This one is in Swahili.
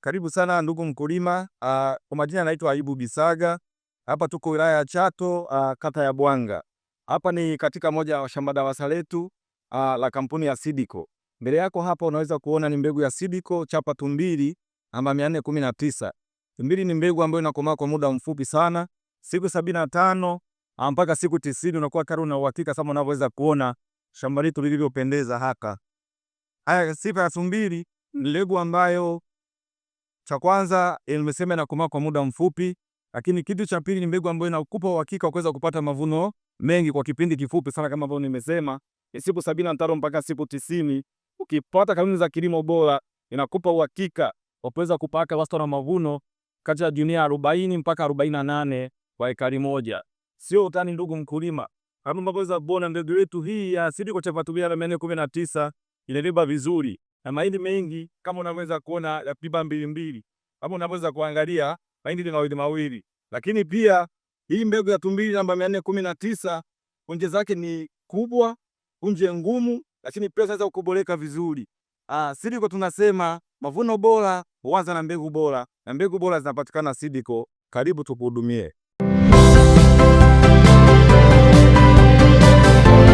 Karibu sana ndugu mkulima. Ah, kwa majina naitwa Ayubu Bisaga. Hapa tuko wilaya ya Chato, ah, kata ya Bwanga. Hapa ni katika moja ya shamba dawasa letu ah, la kampuni ya Sidiko. Mbele yako hapa unaweza kuona ni mbegu ya Sidiko chapa tumbili namba 419. Tumbili ni mbegu ambayo inakomaa kwa muda mfupi sana, siku 75 mpaka siku 90 unakuwa tayari na uhakika kama unavyoweza kuona shamba letu lilivyopendeza haka. Haya, sifa ya tumbili ni mbegu ambayo cha kwanza eh, nimesema inakomaa kwa muda mfupi, lakini kitu cha pili ni mbegu ambayo inakupa uhakika wa kuweza kupata mavuno mengi kwa kipindi kifupi sana, kama ambavyo nimesema siku sabini na tano mpaka siku tisini ukipata kanuni za kilimo bora, inakupa uhakika wa kuweza kupata wastani wa mavuno kati ya gunia arobaini mpaka arobaini na nane kwa ekari moja. Sio utani, ndugu mkulima, kama ambavyo kuona mbegu yetu hii ya asidi kwa chapa tumia na mene vizuri na mahindi mengi kama unaweza kuona ya pipa mbili mbili, kama unaweza kuangalia mahindi ni mawili mawili. Lakini pia hii mbegu ya tumbili namba 419 punje zake ni kubwa, punje ngumu, lakini pia zinaweza kukuboleka vizuri. Ah, Sidiko tunasema mavuno bora huanza na mbegu bora, na mbegu bora zinapatikana Sidiko. Karibu tukuhudumie.